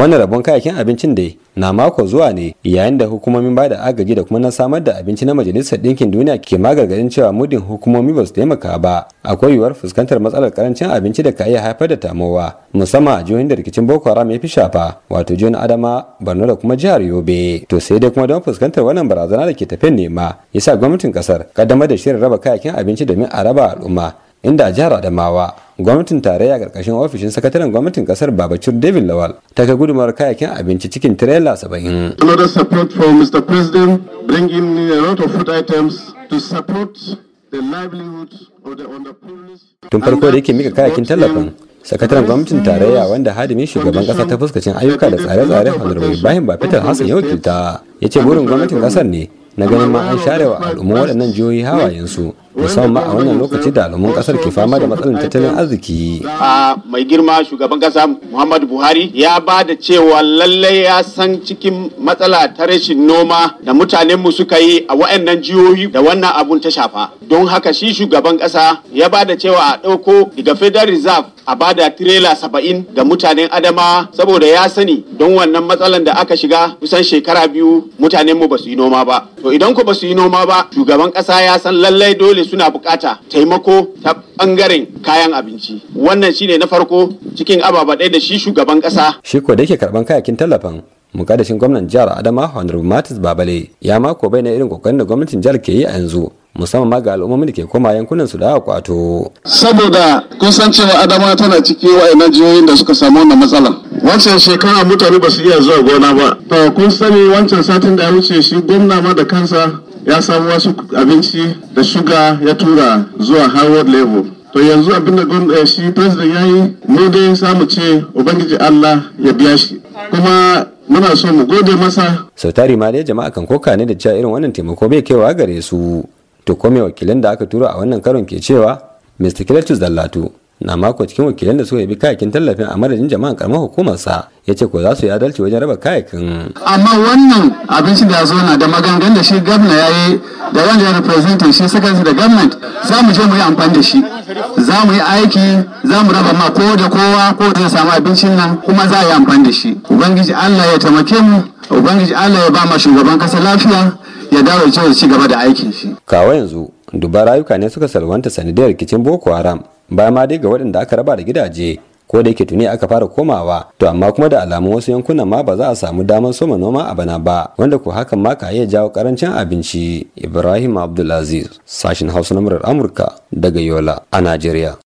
wannan rabon kayakin abincin da na mako zuwa ne yayin da hukumomin bada agaji da kuma na samar da abinci na majalisar ɗinkin duniya ke magargarin cewa mudin hukumomi ba su taimaka ba akwai yiwuwar fuskantar matsalar karancin abinci da ka iya haifar da tamowa musamman a jihohin da rikicin boko haram ya fi shafa wato jihohin adama borno da kuma jihar yobe to sai dai kuma don fuskantar wannan barazana da ke tafe nema sa gwamnatin kasar kaddamar da shirin raba kayakin abinci domin a raba al'umma inda jihar adamawa gwamnatin tarayya karkashin ofishin sakataren gwamnatin kasar babacir david lawal ta kai gudumar kayakin abinci cikin tirela saba'in. another support for mr president bringing a lot of the livelihood of the tun farko da yake mika kayakin tallafin sakataren gwamnatin tarayya wanda hadimin shugaban kasa ta fuskacin ayyuka da tsare-tsare bayan ba fitar hassan ya wakilta ya ce burin gwamnatin kasar ne na ganin ma an share wa al'umma waɗannan jihohi hawayensu musamman a wannan lokaci da alamun kasar ke fama da matsalar tattalin arziki. a mai girma shugaban kasa Muhammadu Buhari ya ba da cewa lallai ya san cikin matsala ta rashin noma da mutanenmu suka yi a wa'annan jihohi da wannan abun ta shafa. Don haka shi shugaban kasa ya ba da cewa a ɗauko daga Federal Reserve a ba da tirela saba'in ga mutanen Adama saboda ya sani don wannan matsalan da aka shiga kusan shekara biyu mutanenmu ba su yi noma ba. To idan ku ba su yi noma ba shugaban kasa ya san lallai dole ne suna bukata taimako ta bangaren kayan abinci wannan shine na farko cikin ababa ɗaya da shi shugaban ƙasa shi ko da yake karban kayakin tallafin mukaddashin gwamnan jihar adama honorable matis babale ya mako bai na irin kokarin da gwamnatin jihar ke yi a yanzu musamman ma ga al'ummomin da ke koma yankunan su da aka kwato saboda kun san cewa adama tana ciki wa'annan jihohin da suka samu wannan matsalar wancan shekara mutane ba su iya zuwa gona ba to kun sani wancan satin da ya wuce shi gwamna ma da kansa ya samu wasu abinci da shuga ya tura zuwa harvard level to yanzu abin da eh, shi president ya yi mu dai samu ce ubangiji allah ya biya shi kuma muna so mu gode masa sau tari ma dai jama'a kan koka ne da cewa irin wannan taimako bai kaiwa gare su to kome wakilin da aka tura a wannan karon ke cewa mr kiratus dallatu na mako cikin wakilan da suka yabi kayakin tallafin a madadin jama'an karamar sa ya ce ko za su yi adalci wajen raba kayakin. amma wannan abincin da ya zo na da magangan da shi gwamna ya yi da wanda ya representa shi secretary da government za mu je mu yi amfani da shi za mu yi aiki za mu raba ma ko da kowa ko da samu abincin nan kuma za a yi amfani da shi ubangiji allah ya taimake mu ubangiji allah ya ba ma shugaban kasa lafiya ya dawo ya ci gaba da aikin shi. kawai yanzu dubban rayuka ne suka salwanta sanadiyar rikicin boko haram ba ma dai ga waɗanda aka raba da gidaje ko da yake tuni aka fara komawa to amma kuma da alamun wasu yankunan ma ba za a samu damar soma noma a bana ba wanda ko hakan ma ka iya jawo karancin abinci ibrahim abdulaziz sashin hausa na murar amurka daga yola a najeriya